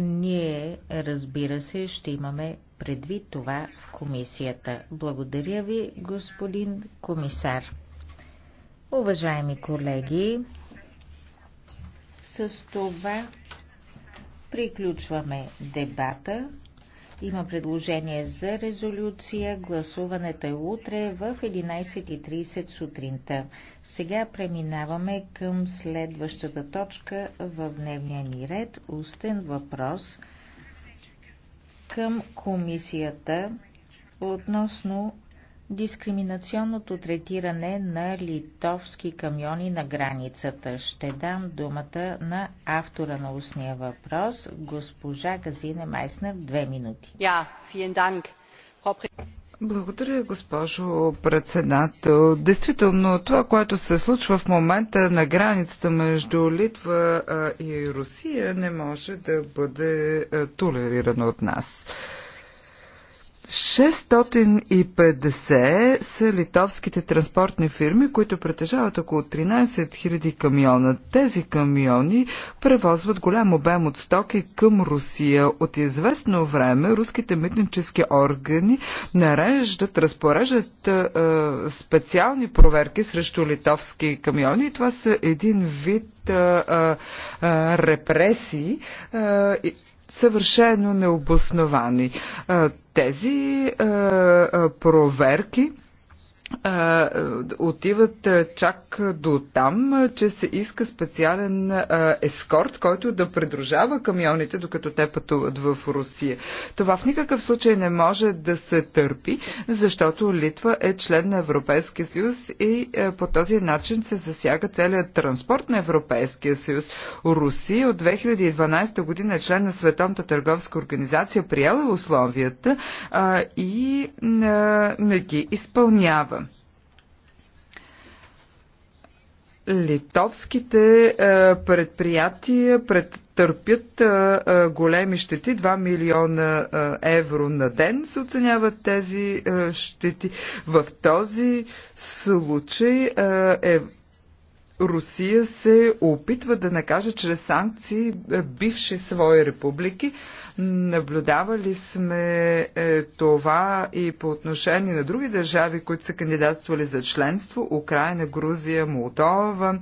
Ние, разбира се, ще имаме предвид това в комисията. Благодаря ви, господин комисар. Уважаеми колеги, с това приключваме дебата. Има предложение за резолюция. Гласуването е утре в 11.30 сутринта. Сега преминаваме към следващата точка в дневния ни ред. Устен въпрос към комисията относно дискриминационното третиране на литовски камиони на границата. Ще дам думата на автора на устния въпрос, госпожа Газине Майсна, в две минути. Yeah, благодаря, госпожо председател. Действително, това, което се случва в момента на границата между Литва и Русия, не може да бъде толерирано от нас. 650 са литовските транспортни фирми, които притежават около 13 000 камиона. Тези камиони превозват голям обем от стоки към Русия. От известно време руските митнически органи нареждат, разпореждат е, специални проверки срещу литовски камиони. това са един вид е, е, репресии. Е, съвършено необосновани. Тези проверки отиват чак до там, че се иска специален ескорт, който да придружава камионите, докато те пътуват в Русия. Това в никакъв случай не може да се търпи, защото Литва е член на Европейския съюз и по този начин се засяга целият транспорт на Европейския съюз. Русия от 2012 година е член на Световната търговска организация, приела условията и не ги изпълнява. литовските е, предприятия претърпят е, е, големи щети. 2 милиона евро на ден се оценяват тези щети. В този случай е Русия се опитва да накаже чрез санкции е, бивши свои републики. Наблюдавали сме е, това и по отношение на други държави, които са кандидатствали за членство Украина, Грузия, Молдова.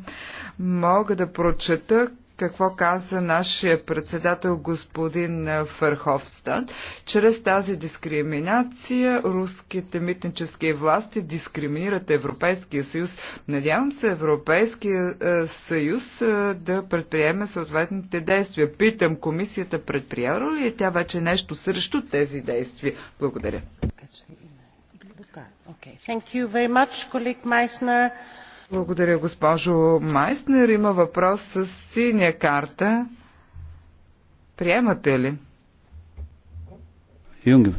Мога да прочета какво каза нашия председател господин Фърховстан. Чрез тази дискриминация руските митнически власти дискриминират Европейския съюз. Надявам се Европейския е, съюз е, да предприеме съответните действия. Питам комисията предприела ли е тя вече нещо срещу тези действия? Благодаря. Okay. Thank you very much, colleague Meissner. Благодаря, госпожо Майснер. Има въпрос с синя карта. Приемате ли? Юнгем.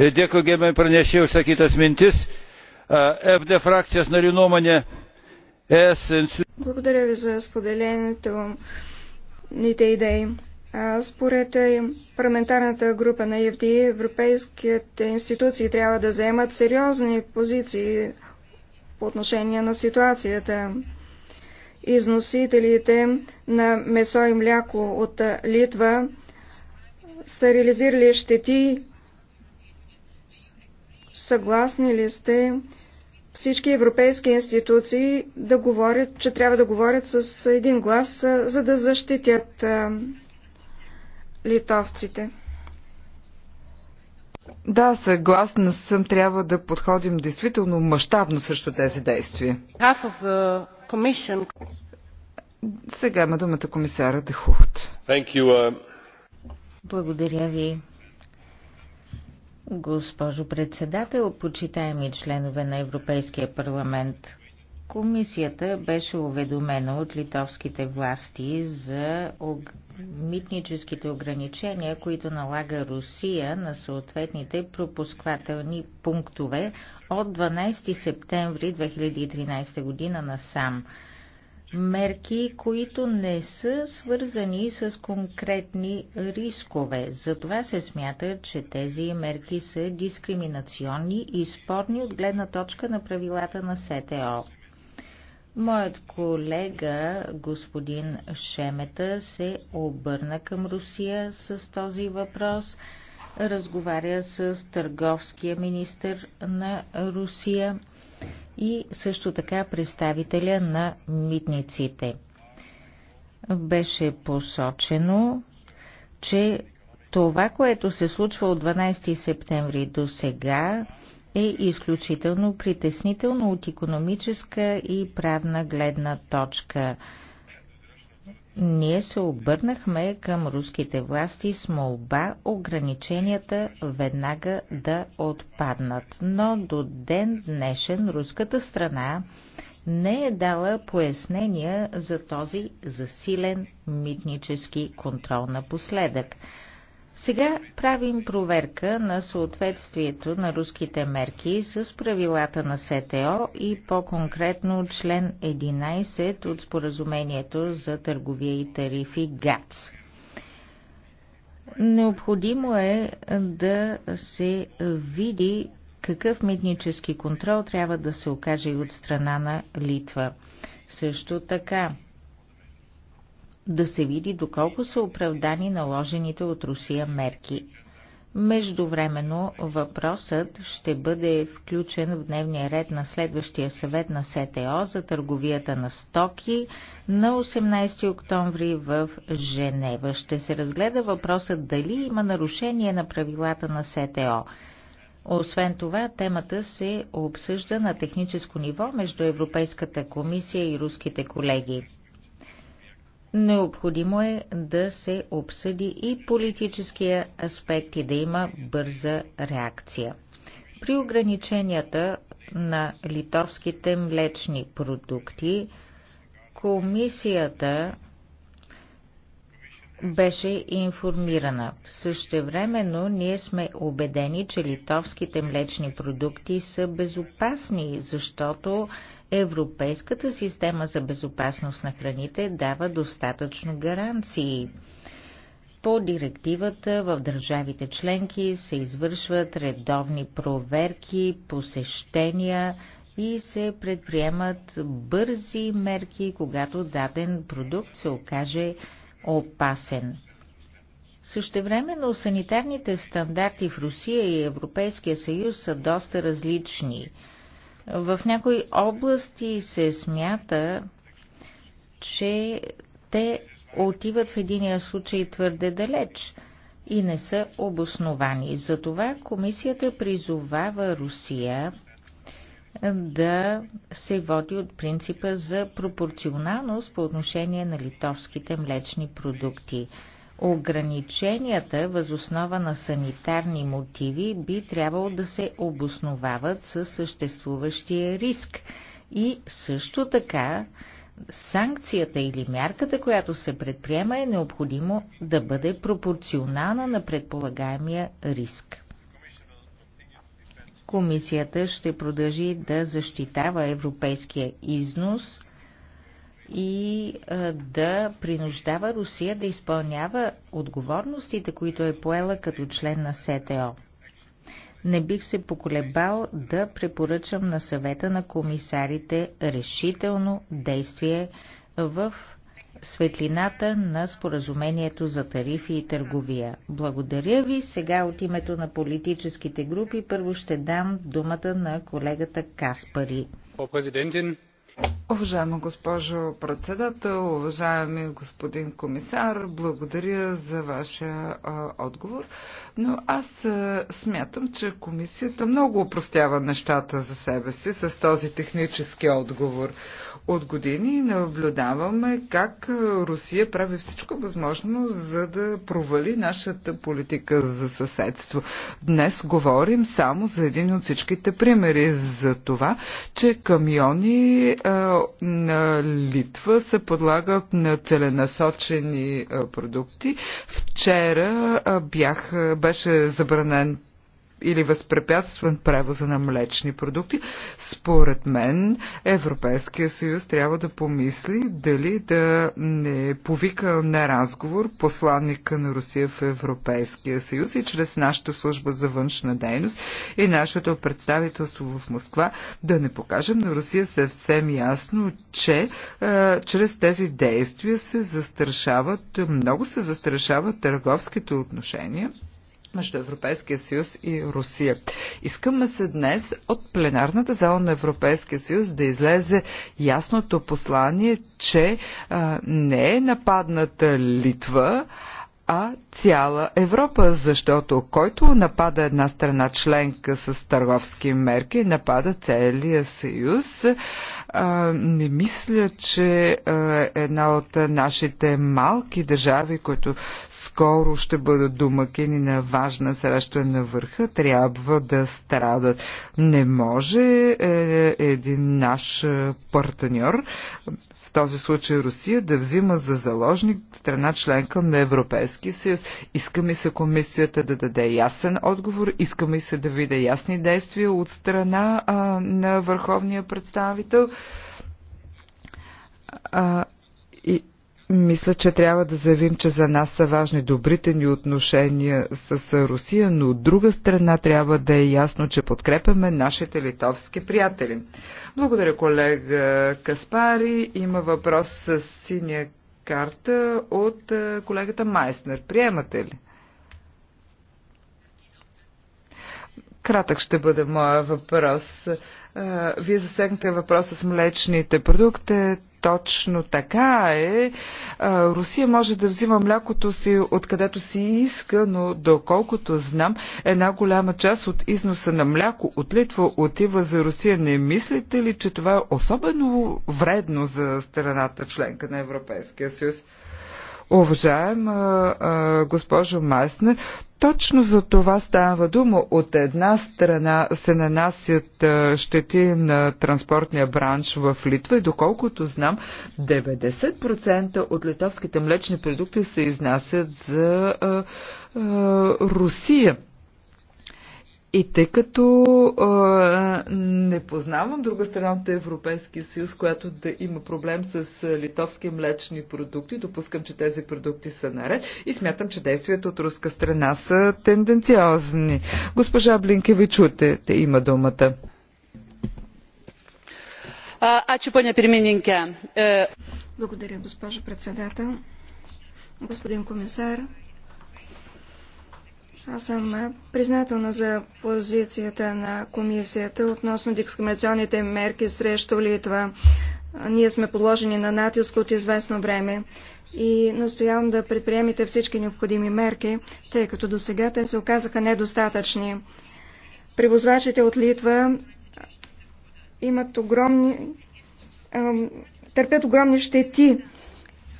Dėkui, gerbiami pranešėjai, užsakytas mintis. FD фракcijos narių nuomonė Благодаря ви за споделението ните идеи. Според е, парламентарната група на ЕФД, европейските институции трябва да заемат сериозни позиции по отношение на ситуацията. Износителите на месо и мляко от Литва са реализирали щети. Съгласни ли сте всички европейски институции да говорят, че трябва да говорят с един глас, за да защитят литовците? Да, съгласна съм, трябва да подходим действително мащабно срещу тези действия. Сега има думата комисара Дехухт. Uh, Благодаря ви. Госпожо председател, почитаеми членове на Европейския парламент, Комисията беше уведомена от литовските власти за митническите ограничения, които налага Русия на съответните пропусквателни пунктове от 12 септември 2013 година на сам. Мерки, които не са свързани с конкретни рискове. Затова се смята, че тези мерки са дискриминационни и спорни от гледна точка на правилата на СТО. Моят колега, господин Шемета, се обърна към Русия с този въпрос. Разговаря с търговския министр на Русия и също така представителя на митниците. Беше посочено, че това, което се случва от 12 септември до сега, е изключително притеснително от економическа и правна гледна точка. Ние се обърнахме към руските власти с молба ограниченията веднага да отпаднат, но до ден днешен руската страна не е дала пояснения за този засилен митнически контрол напоследък. Сега правим проверка на съответствието на руските мерки с правилата на СТО и по-конкретно член 11 от споразумението за търговия и тарифи ГАЦ. Необходимо е да се види какъв митнически контрол трябва да се окаже и от страна на Литва. Също така, да се види доколко са оправдани наложените от Русия мерки. Междувременно въпросът ще бъде включен в дневния ред на следващия съвет на СТО за търговията на стоки на 18 октомври в Женева. Ще се разгледа въпросът дали има нарушение на правилата на СТО. Освен това, темата се обсъжда на техническо ниво между Европейската комисия и руските колеги. Необходимо е да се обсъди и политическия аспект и да има бърза реакция. При ограниченията на литовските млечни продукти, комисията беше информирана. Същевременно ние сме убедени, че литовските млечни продукти са безопасни, защото Европейската система за безопасност на храните дава достатъчно гаранции. По директивата в държавите членки се извършват редовни проверки, посещения и се предприемат бързи мерки, когато даден продукт се окаже опасен. Същевременно санитарните стандарти в Русия и Европейския съюз са доста различни – в някои области се смята, че те отиват в единия случай твърде далеч и не са обосновани. Затова комисията призовава Русия да се води от принципа за пропорционалност по отношение на литовските млечни продукти. Ограниченията възоснова на санитарни мотиви би трябвало да се обосновават със съществуващия риск и също така санкцията или мярката, която се предприема, е необходимо да бъде пропорционална на предполагаемия риск. Комисията ще продължи да защитава европейския износ – и да принуждава Русия да изпълнява отговорностите, които е поела като член на СТО. Не бих се поколебал да препоръчам на съвета на комисарите решително действие в светлината на споразумението за тарифи и търговия. Благодаря ви. Сега от името на политическите групи първо ще дам думата на колегата Каспари. Frau Уважаема госпожо председател, уважаеми господин комисар, благодаря за вашия а, отговор, но аз а, смятам, че комисията много упростява нещата за себе си с този технически отговор. От години наблюдаваме как Русия прави всичко възможно, за да провали нашата политика за съседство. Днес говорим само за един от всичките примери за това, че камиони а, на Литва се подлагат на целенасочени продукти. Вчера бях, беше забранен или възпрепятстван превоза на млечни продукти, според мен Европейския съюз трябва да помисли дали да не повика на разговор посланника на Русия в Европейския съюз и чрез нашата служба за външна дейност и нашето представителство в Москва да не покажем на Русия съвсем ясно, че е, чрез тези действия се застрашават, много се застрашават търговските отношения между Европейския съюз и Русия. Искаме се днес от пленарната зала на Европейския съюз да излезе ясното послание, че а, не е нападната Литва, а цяла Европа, защото който напада една страна членка с търговски мерки, напада целия съюз. А, не мисля, че а, една от нашите малки държави, които скоро ще бъдат домакини на важна среща на върха, трябва да страдат. Не може е, един наш партньор в този случай Русия, да взима за заложник страна членка на Европейския съюз. Искаме се комисията да даде ясен отговор, искаме се да видя ясни действия от страна а, на върховния представител. А, и, мисля, че трябва да заявим, че за нас са важни добрите ни отношения с Русия, но от друга страна трябва да е ясно, че подкрепяме нашите литовски приятели. Благодаря, колега Каспари. Има въпрос с синя карта от е, колегата Майснер. Приемате ли? Кратък ще бъде моя въпрос. Е, вие засегнахте въпроса с млечните продукти. Точно така е. Русия може да взима млякото си откъдето си иска, но доколкото знам, една голяма част от износа на мляко от Литва отива за Русия. Не мислите ли, че това е особено вредно за страната членка на Европейския съюз? Уважаема а, госпожо Майснер, точно за това става дума. От една страна се нанасят щети на транспортния бранш в Литва и доколкото знам, 90% от литовските млечни продукти се изнасят за а, а, Русия. И тъй като а, не познавам друга страна от Европейския съюз, която да има проблем с литовски млечни продукти, допускам, че тези продукти са наред и смятам, че действията от руска страна са тенденциозни. Госпожа Блинкеви, чуте, те има думата. поня пане е, Благодаря, госпожо председател. Господин комисар, аз съм е, признателна за позицията на комисията относно дискриминационните мерки срещу Литва. Ние сме подложени на натиск от известно време и настоявам да предприемите всички необходими мерки, тъй като до сега те се оказаха недостатъчни. Превозвачите от Литва е, имат огромни, е, търпят огромни щети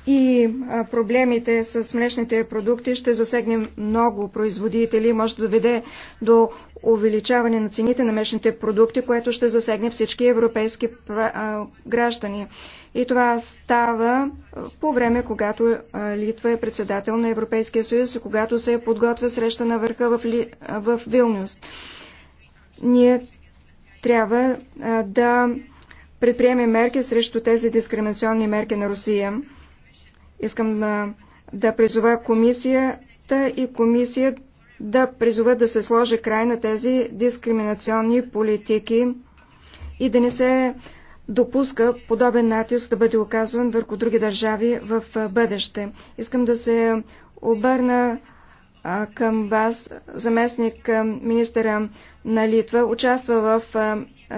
и проблемите с млечните продукти ще засегне много производители, може да доведе до увеличаване на цените на млечните продукти, което ще засегне всички европейски граждани. И това става по време, когато Литва е председател на Европейския съюз и когато се подготвя среща на върха в, Ли... в Вилнюс. Ние трябва да предприеме мерки срещу тези дискриминационни мерки на Русия. Искам да, да призова комисията и комисия да призова да се сложи край на тези дискриминационни политики и да не се допуска подобен натиск да бъде оказван върху други държави в бъдеще. Искам да се обърна към вас, заместник министъра на Литва, участва в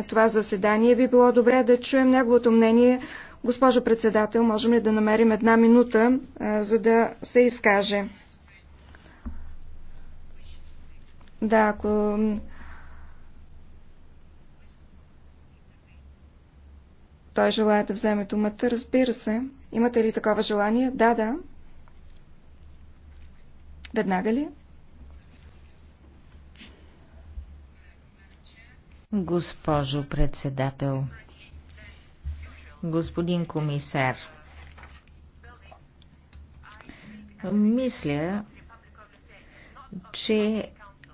това заседание. Би било добре да чуем неговото мнение Госпожо председател, можем ли да намерим една минута, за да се изкаже? Да, ако... Той желая да вземе думата, разбира се. Имате ли такова желание? Да, да. Веднага ли? Госпожо председател, господин комисар. Мисля, че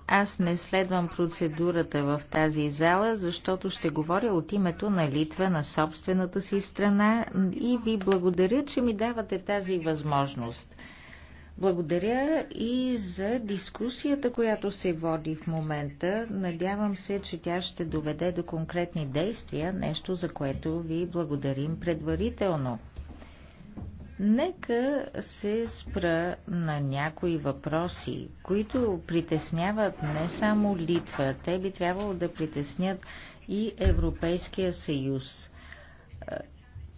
аз не следвам процедурата в тази зала, защото ще говоря от името на Литва, на собствената си страна и ви благодаря, че ми давате тази възможност. Благодаря и за дискусията, която се води в момента. Надявам се, че тя ще доведе до конкретни действия, нещо за което ви благодарим предварително. Нека се спра на някои въпроси, които притесняват не само Литва, те би трябвало да притеснят и Европейския съюз.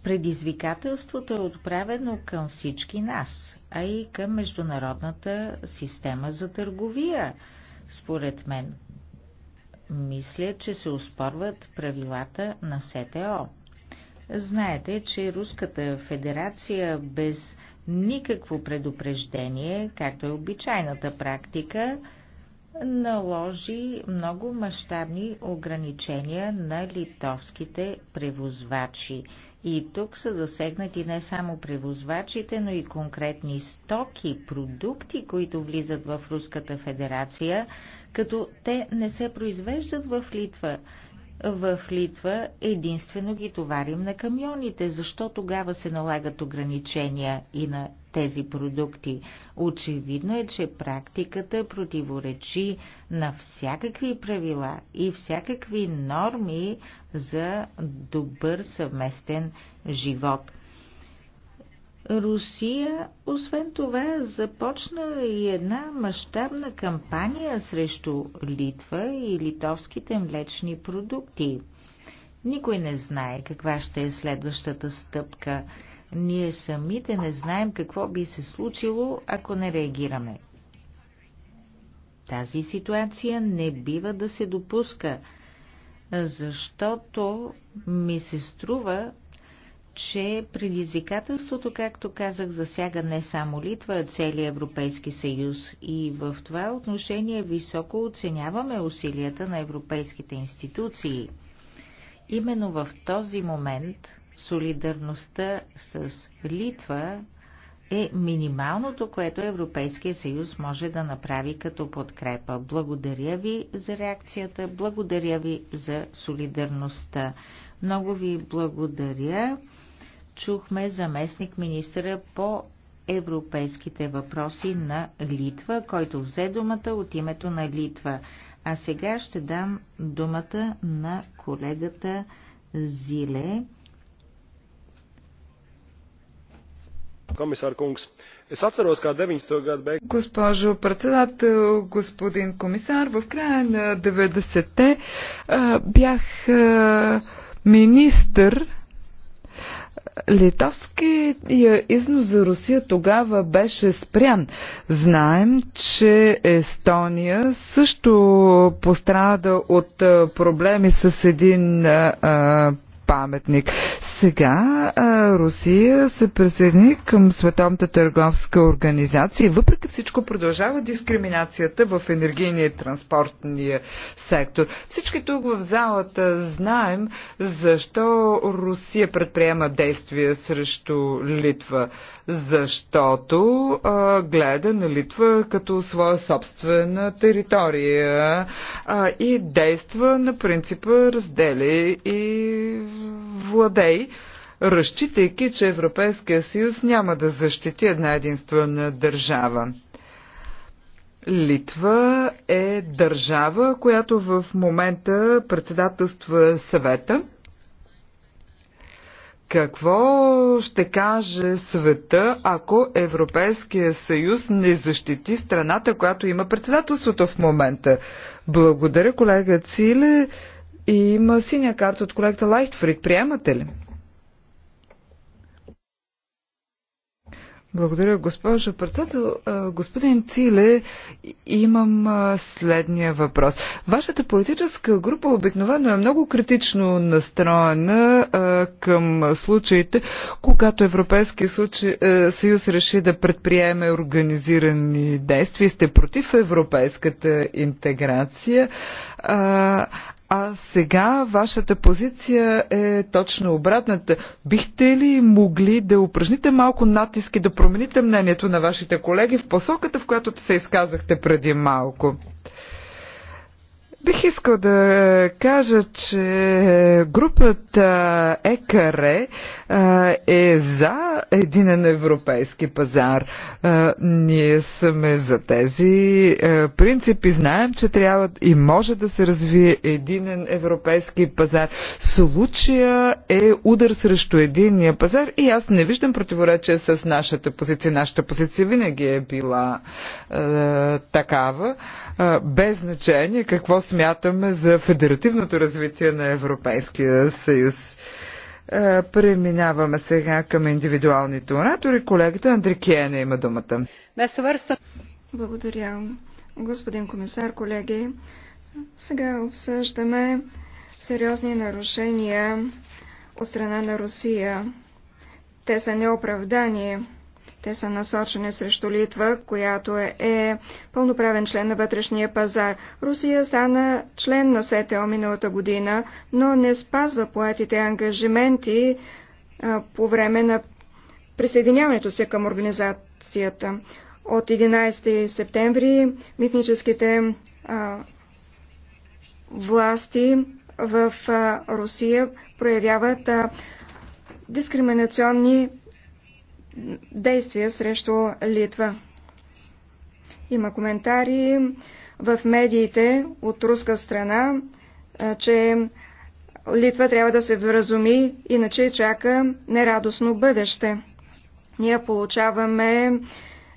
Предизвикателството е отправено към всички нас, а и към международната система за търговия, според мен. Мисля, че се успорват правилата на СТО. Знаете, че Руската федерация без никакво предупреждение, както е обичайната практика, наложи много мащабни ограничения на литовските превозвачи и тук са засегнати не само превозвачите, но и конкретни стоки, продукти, които влизат в Руската федерация, като те не се произвеждат в Литва. В Литва единствено ги товарим на камионите. Защо тогава се налагат ограничения и на тези продукти. Очевидно е, че практиката противоречи на всякакви правила и всякакви норми за добър съвместен живот. Русия, освен това, започна и една мащабна кампания срещу Литва и литовските млечни продукти. Никой не знае каква ще е следващата стъпка. Ние самите не знаем какво би се случило, ако не реагираме. Тази ситуация не бива да се допуска, защото ми се струва, че предизвикателството, както казах, засяга не само Литва, а целия Европейски съюз. И в това отношение високо оценяваме усилията на европейските институции. Именно в този момент солидарността с Литва е минималното, което Европейския съюз може да направи като подкрепа. Благодаря ви за реакцията, благодаря ви за солидарността. Много ви благодаря. Чухме заместник министра по европейските въпроси на Литва, който взе думата от името на Литва. А сега ще дам думата на колегата Зиле. Госпожо председател, господин комисар, в края на 90-те бях министър Литовският износ за Русия тогава беше спрян. Знаем, че Естония също пострада от проблеми с един а, паметник. Сега а, Русия се присъедини към Световната търговска организация и въпреки всичко продължава дискриминацията в енергийния и транспортния сектор. Всички тук в залата знаем защо Русия предприема действия срещу Литва. Защото а, гледа на Литва като своя собствена територия а, и действа на принципа раздели и владей, разчитайки, че Европейския съюз няма да защити една единствена държава. Литва е държава, която в момента председателства съвета. Какво ще каже света, ако Европейския съюз не защити страната, която има председателството в момента? Благодаря, колега Циле. и Има синя карта от колегата Лайтфрик. Приемате ли? Благодаря, госпожо председател. Господин Циле, имам следния въпрос. Вашата политическа група обикновено е много критично настроена към случаите, когато Европейския е, съюз реши да предприеме организирани действия. Сте против европейската интеграция. А сега вашата позиция е точно обратната. Бихте ли могли да упражните малко натиски, да промените мнението на вашите колеги в посоката, в която се изказахте преди малко? Бих искал да кажа, че групата ЕКАРЕ е за един европейски пазар. Ние сме за тези принципи. Знаем, че трябва и може да се развие един европейски пазар. Случая е удар срещу единния пазар и аз не виждам противоречие с нашата позиция. Нашата позиция винаги е била е, такава, е, без значение какво смятаме за федеративното развитие на Европейския съюз. Е, преминаваме сега към индивидуалните оратори. Колегата Андрикиена има думата. Благодаря, господин комисар, колеги. Сега обсъждаме сериозни нарушения от страна на Русия. Те са неоправдани. Те са насочени срещу Литва, която е, е пълноправен член на вътрешния пазар. Русия стана член на СТО миналата година, но не спазва поетите ангажименти а, по време на присъединяването се към организацията. От 11 септември митническите а, власти в а, Русия проявяват а, дискриминационни действия срещу Литва. Има коментари в медиите от руска страна, че Литва трябва да се вразуми, иначе чака нерадостно бъдеще. Ние получаваме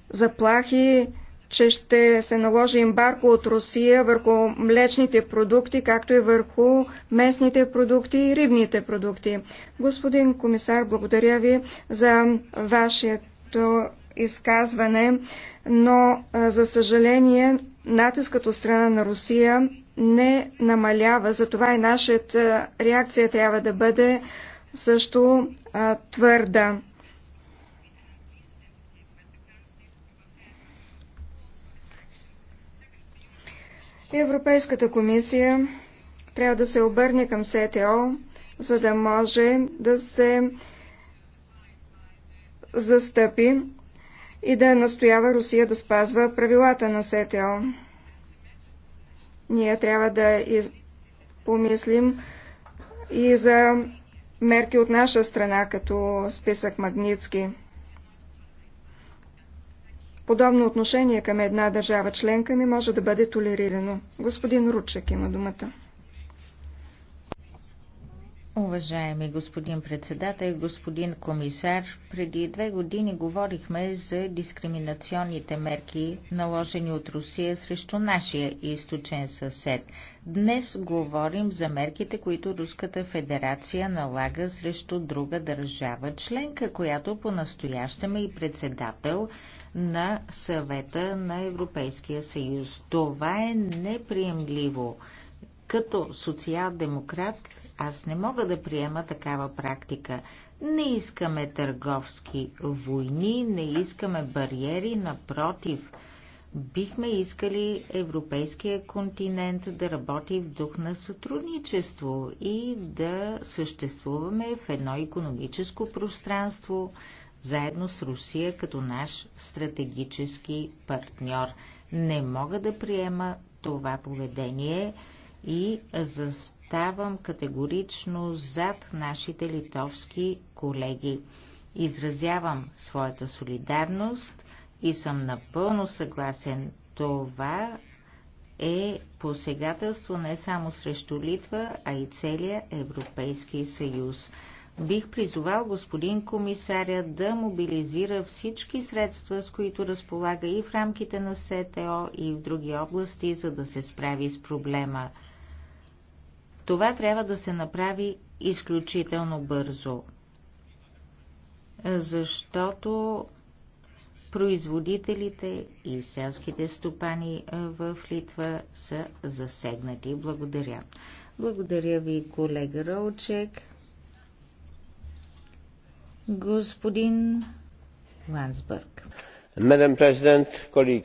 заплахи че ще се наложи ембарко от Русия върху млечните продукти, както и върху местните продукти и рибните продукти. Господин комисар, благодаря ви за вашето изказване, но за съжаление натискът от страна на Русия не намалява. Затова и нашата реакция трябва да бъде също а, твърда. Европейската комисия трябва да се обърне към СТО, за да може да се застъпи и да настоява Русия да спазва правилата на СТО. Ние трябва да из... помислим и за мерки от наша страна, като списък Магницки. Подобно отношение към една държава членка не може да бъде толерирано. Господин Ручек има думата. Уважаеми господин председател, господин комисар, преди две години говорихме за дискриминационните мерки, наложени от Русия срещу нашия източен съсед. Днес говорим за мерките, които Руската федерация налага срещу друга държава членка, която по-настоящем е и председател на съвета на Европейския съюз. Това е неприемливо. Като социал-демократ аз не мога да приема такава практика. Не искаме търговски войни, не искаме бариери, напротив. Бихме искали европейския континент да работи в дух на сътрудничество и да съществуваме в едно економическо пространство, заедно с Русия като наш стратегически партньор. Не мога да приема това поведение и заставам категорично зад нашите литовски колеги. Изразявам своята солидарност и съм напълно съгласен. Това е посегателство не само срещу Литва, а и целия Европейски съюз. Бих призовал господин комисаря да мобилизира всички средства, с които разполага и в рамките на СТО, и в други области, за да се справи с проблема. Това трябва да се направи изключително бързо, защото производителите и селските стопани в Литва са засегнати. Благодаря. Благодаря ви, колега Ролчек. Господин Лансбърг. президент, колеги.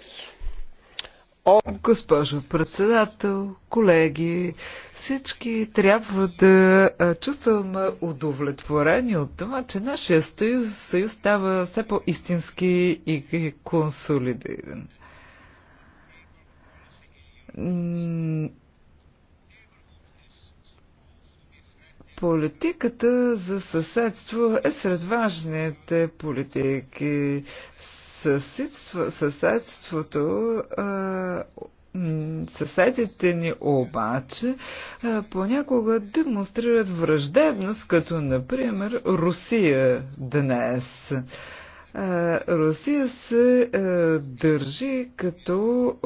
Госпожо председател, колеги, всички трябва да чувстваме удовлетворени от това, че нашия съюз, съюз става все по-истински и консолидиран Политиката за съседство е сред важните политики. Съседство, съседството а, съседите ни обаче понякога демонстрират враждебност, като например Русия днес. Русия се държи като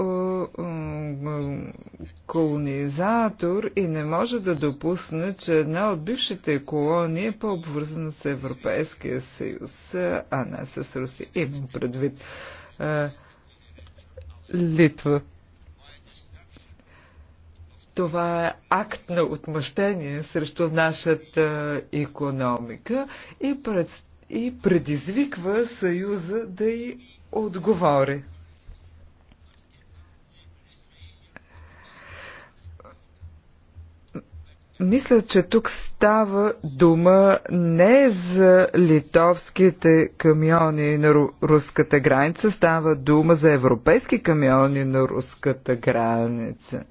колонизатор и не може да допусне, че една от бившите колонии е по-обвързана с Европейския съюз, а не с Русия. Имам предвид Литва. Това е акт на отмъщение срещу нашата економика и представя и предизвиква Съюза да й отговори. Мисля, че тук става дума не за литовските камиони на руската граница, става дума за европейски камиони на руската граница.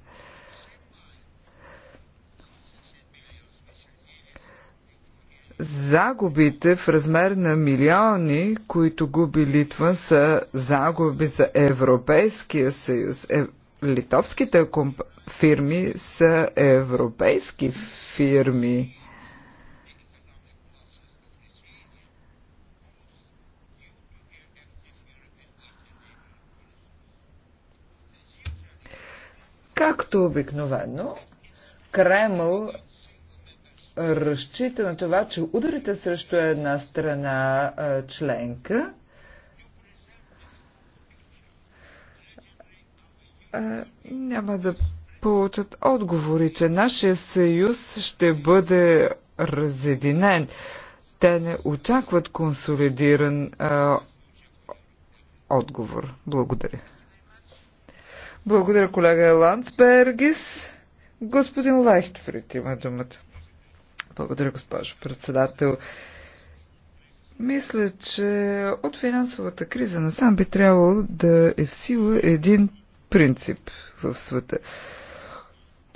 Загубите в размер на милиони, които губи Литва, са загуби за Европейския съюз. Е, литовските комп... фирми са европейски фирми. Както обикновено, Кремл разчита на това, че ударите срещу една страна членка няма да получат отговори, че нашия съюз ще бъде разединен. Те не очакват консолидиран а, отговор. Благодаря. Благодаря, колега Ландсбергис. Господин Лайхтфрид има думата. Благодаря, госпожо председател. Мисля, че от финансовата криза насам би трябвало да е в сила един принцип в света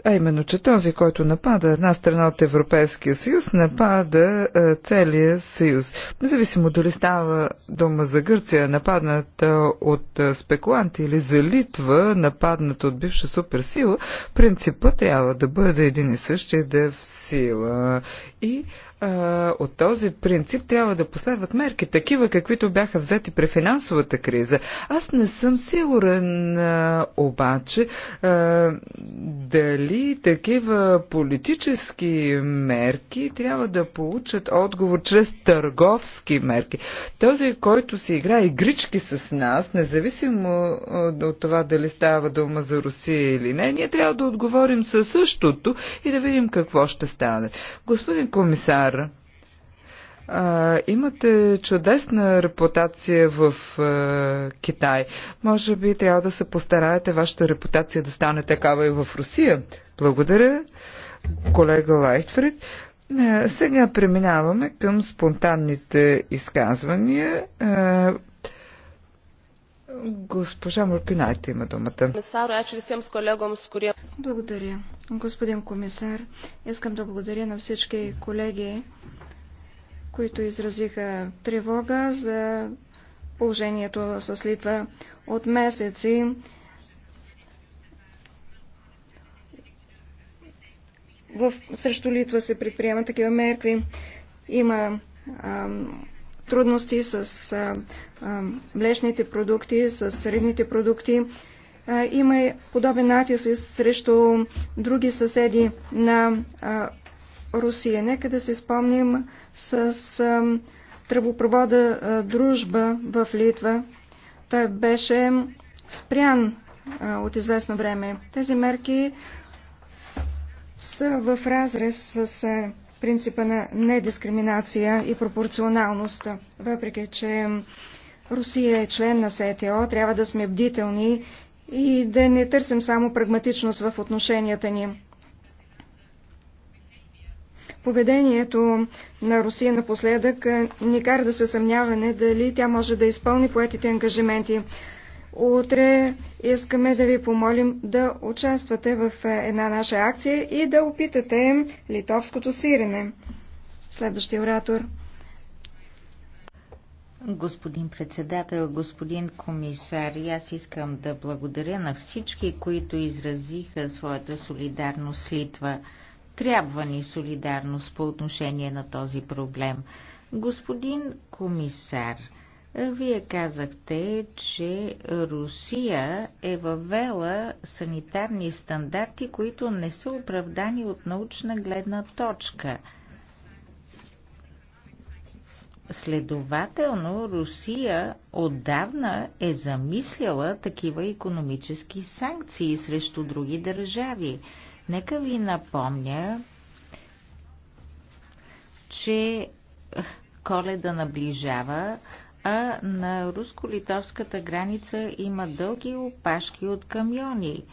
а именно, че този, който напада една страна от Европейския съюз, напада е, целия съюз. Независимо дали става дума за Гърция, нападната от е, спекуланти или за Литва, нападната от бивша суперсила, принципът трябва да бъде един и същи да е в сила. И е, от този принцип трябва да последват мерки, такива каквито бяха взети при финансовата криза. Аз не съм сигурен е, обаче дали дали такива политически мерки трябва да получат отговор чрез търговски мерки. Този, който си играе игрички с нас, независимо от това дали става дума за Русия или не, ние трябва да отговорим със същото и да видим какво ще стане. Господин комисар, а, имате чудесна репутация в а, Китай. Може би трябва да се постараете вашата репутация да стане такава и в Русия. Благодаря, колега Лайтфред. Е, сега преминаваме към спонтанните изказвания. Е, госпожа Муркинайте има думата. Благодаря. Господин комисар, искам да благодаря на всички колеги, които изразиха тревога за положението с Литва от месеци. в, срещу Литва се предприемат такива мерки. Има а, трудности с а, а, млечните продукти, с средните продукти. А, има подобен натиск срещу други съседи на а, Русия. Нека да се спомним с а, тръбопровода а, Дружба в Литва. Той беше спрян а, от известно време. Тези мерки са в разрез с е, принципа на недискриминация и пропорционалност. Въпреки, че Русия е член на СТО, трябва да сме бдителни и да не търсим само прагматичност в отношенията ни. Поведението на Русия напоследък е, ни кара да се съмняваме дали тя може да изпълни поетите ангажименти. Утре искаме да ви помолим да участвате в е, една наша акция и да опитате литовското сирене. Следващия оратор. Господин председател, господин комисар, аз искам да благодаря на всички, които изразиха своята солидарност с Литва. Трябва ни солидарност по отношение на този проблем. Господин комисар, вие казахте, че Русия е въвела санитарни стандарти, които не са оправдани от научна гледна точка. Следователно, Русия отдавна е замисляла такива економически санкции срещу други държави. Нека ви напомня, че коледа наближава, а на руско-литовската граница има дълги опашки от камиони.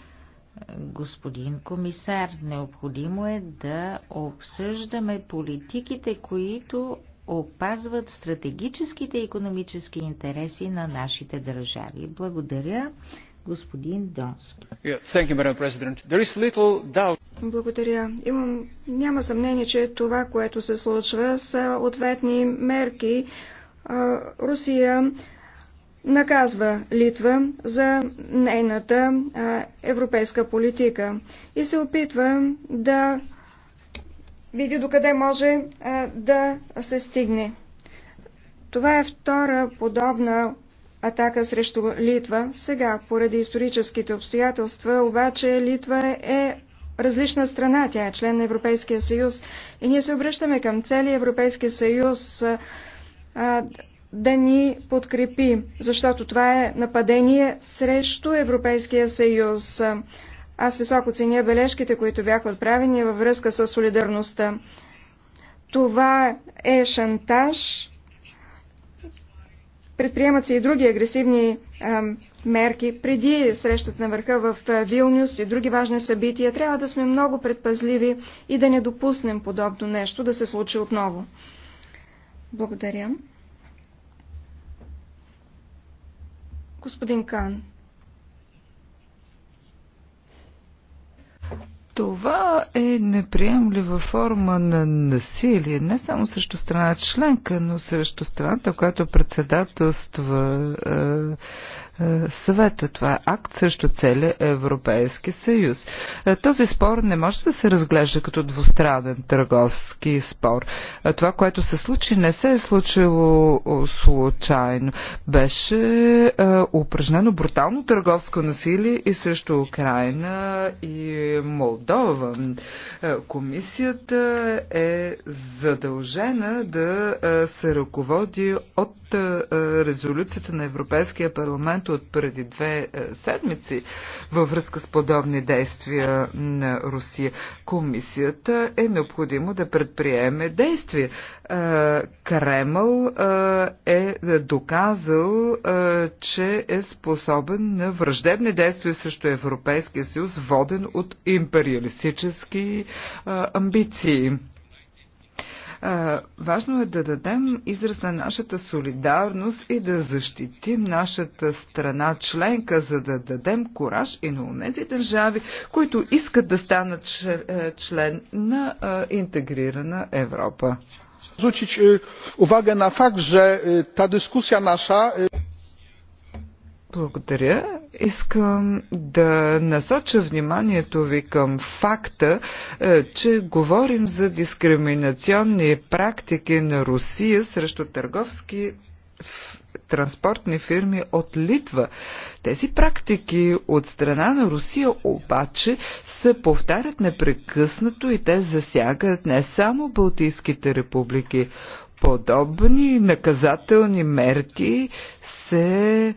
Господин комисар, необходимо е да обсъждаме политиките, които опазват стратегическите економически интереси на нашите държави. Благодаря, господин Донски. Благодаря. Имам, няма съмнение, че това, което се случва, са ответни мерки Русия наказва Литва за нейната европейска политика и се опитва да види докъде може да се стигне. Това е втора подобна атака срещу Литва. Сега, поради историческите обстоятелства, обаче Литва е различна страна. Тя е член на Европейския съюз и ние се обръщаме към целия Европейския съюз да ни подкрепи, защото това е нападение срещу Европейския съюз. Аз високо ценя бележките, които бяха отправени във връзка с солидарността. Това е шантаж. Предприемат се и други агресивни а, мерки. Преди срещата на върха в Вилнюс и други важни събития трябва да сме много предпазливи и да не допуснем подобно нещо да се случи отново. Благодаря. Господин Кан. Това е неприемлива форма на насилие, не само срещу страната членка, но срещу страната, която председателства е, съвета. Това е акт срещу целия Европейски съюз. Е, този спор не може да се разглежда като двустранен търговски спор. Е, това, което се случи, не се е случило случайно. Беше е, упражнено брутално търговско насилие и срещу Украина и Молдова. Комисията е задължена да се ръководи от резолюцията на Европейския парламент документ от преди две е, седмици във връзка с подобни действия на Русия. Комисията е необходимо да предприеме действие. Е, Кремъл е, е доказал, че е способен на враждебни действия срещу Европейския съюз, воден от империалистически амбиции. Важно е да дадем израз на нашата солидарност и да защитим нашата страна членка, за да дадем кораж и на тези държави, които искат да станат е, член на е, интегрирана Европа. Звучи увага на факт, че та дискусия наша благодаря. Искам да насоча вниманието ви към факта, е, че говорим за дискриминационни практики на Русия срещу търговски транспортни фирми от Литва. Тези практики от страна на Русия обаче се повтарят непрекъснато и те засягат не само Балтийските републики. Подобни наказателни мерки се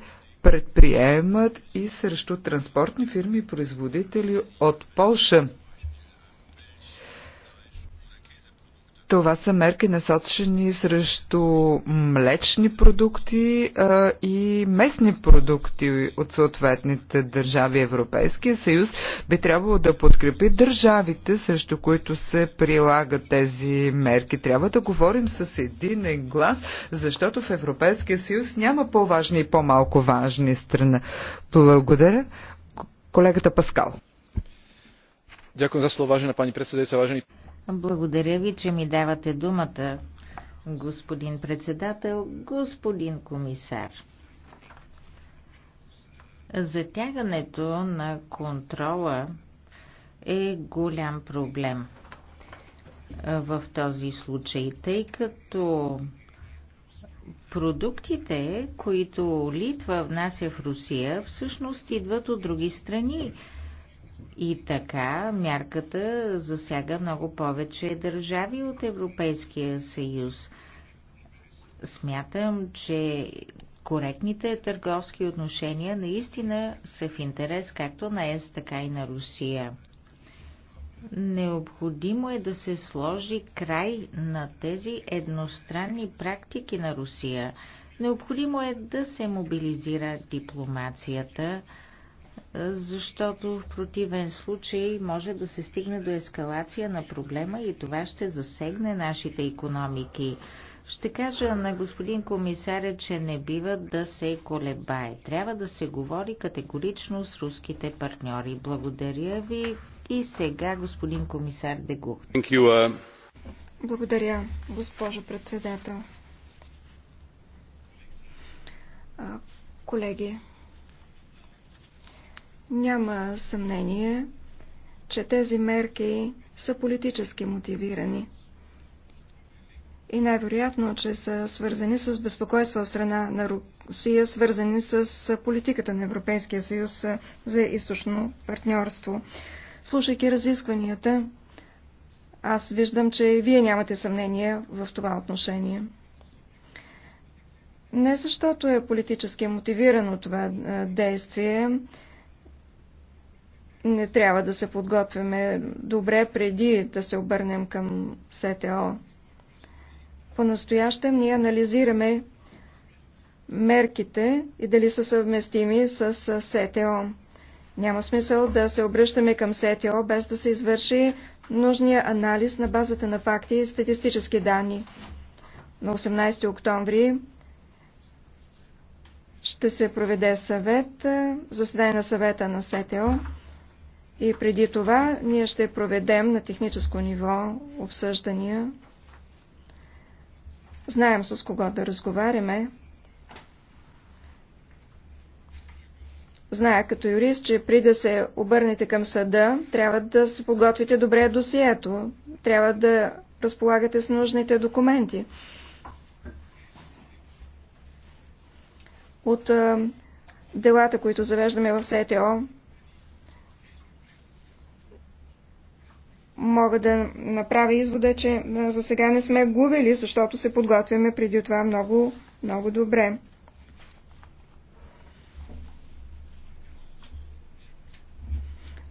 предприемат и срещу транспортни фирми и производители от Полша. Това са мерки насочени срещу млечни продукти а, и местни продукти от съответните държави. Европейския съюз би трябвало да подкрепи държавите, срещу които се прилагат тези мерки. Трябва да говорим с един глас, защото в Европейския съюз няма по-важни и по-малко важни страна. Благодаря. Колегата Паскал. Дякую за слово, важена пани председател, важени благодаря ви, че ми давате думата, господин председател, господин комисар. Затягането на контрола е голям проблем в този случай, тъй като продуктите, които Литва внася в Русия, всъщност идват от други страни. И така мярката засяга много повече държави от Европейския съюз. Смятам, че коректните търговски отношения наистина са в интерес както на ЕС, така и на Русия. Необходимо е да се сложи край на тези едностранни практики на Русия. Необходимо е да се мобилизира дипломацията, защото в противен случай може да се стигне до ескалация на проблема и това ще засегне нашите економики. Ще кажа на господин комисаря, че не бива да се колебае. Трябва да се говори категорично с руските партньори. Благодаря ви и сега господин комисар Дегух. Uh, Благодаря, госпожо председател. Колеги, няма съмнение, че тези мерки са политически мотивирани и най-вероятно, че са свързани с безпокойство от страна на Русия, свързани с политиката на Европейския съюз за източно партньорство. Слушайки разискванията, аз виждам, че и вие нямате съмнение в това отношение. Не защото е политически мотивирано това действие, не трябва да се подготвяме добре преди да се обърнем към СТО. По-настоящем ние анализираме мерките и дали са съвместими с СТО. Няма смисъл да се обръщаме към СТО без да се извърши нужния анализ на базата на факти и статистически данни. На 18 октомври ще се проведе съвет, заседание на съвета на СТО. И преди това ние ще проведем на техническо ниво обсъждания. Знаем с кого да разговаряме. Зная като юрист, че при да се обърнете към съда, трябва да се подготвите добре досието, трябва да разполагате с нужните документи. От а, делата, които завеждаме в СТО, мога да направя извода, че за сега не сме губили, защото се подготвяме преди това много, много добре.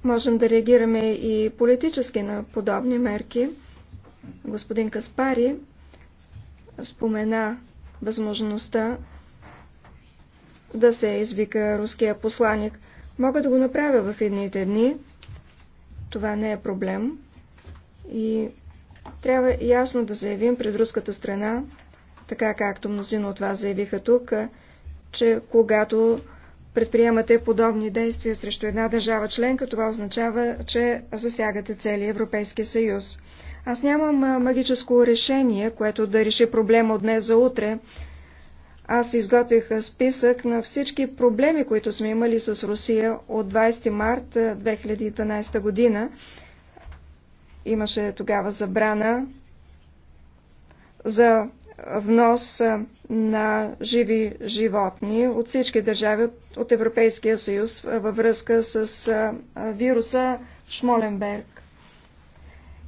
Можем да реагираме и политически на подобни мерки. Господин Каспари спомена възможността да се извика руския посланник. Мога да го направя в едните дни. Това не е проблем. И трябва ясно да заявим пред руската страна, така както мнозина от вас заявиха тук, че когато предприемате подобни действия срещу една държава членка, това означава, че засягате целия Европейски съюз. Аз нямам магическо решение, което да реши проблема от днес за утре. Аз изготвих списък на всички проблеми, които сме имали с Русия от 20 март 2012 година Имаше тогава забрана за внос на живи животни от всички държави от Европейския съюз във връзка с вируса Шмоленберг.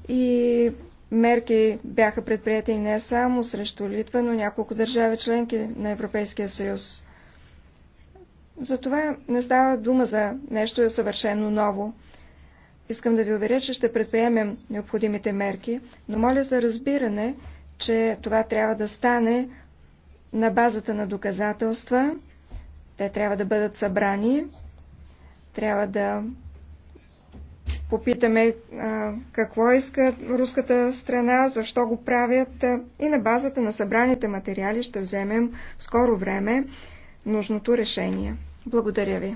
И мерки бяха предприяти не само срещу Литва, но няколко държави членки на Европейския съюз. Затова не става дума за нещо съвършено ново. Искам да ви уверя, че ще предприемем необходимите мерки, но моля за разбиране, че това трябва да стане на базата на доказателства. Те трябва да бъдат събрани. Трябва да попитаме а, какво иска руската страна, защо го правят а, и на базата на събраните материали ще вземем в скоро време нужното решение. Благодаря ви.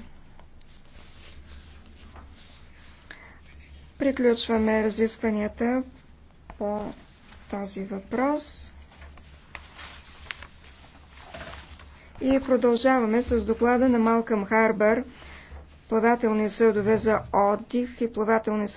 Приключваме разискванията по този въпрос. И продължаваме с доклада на Малкъм Харбър, плавателни съдове за отдих и плавателни съдове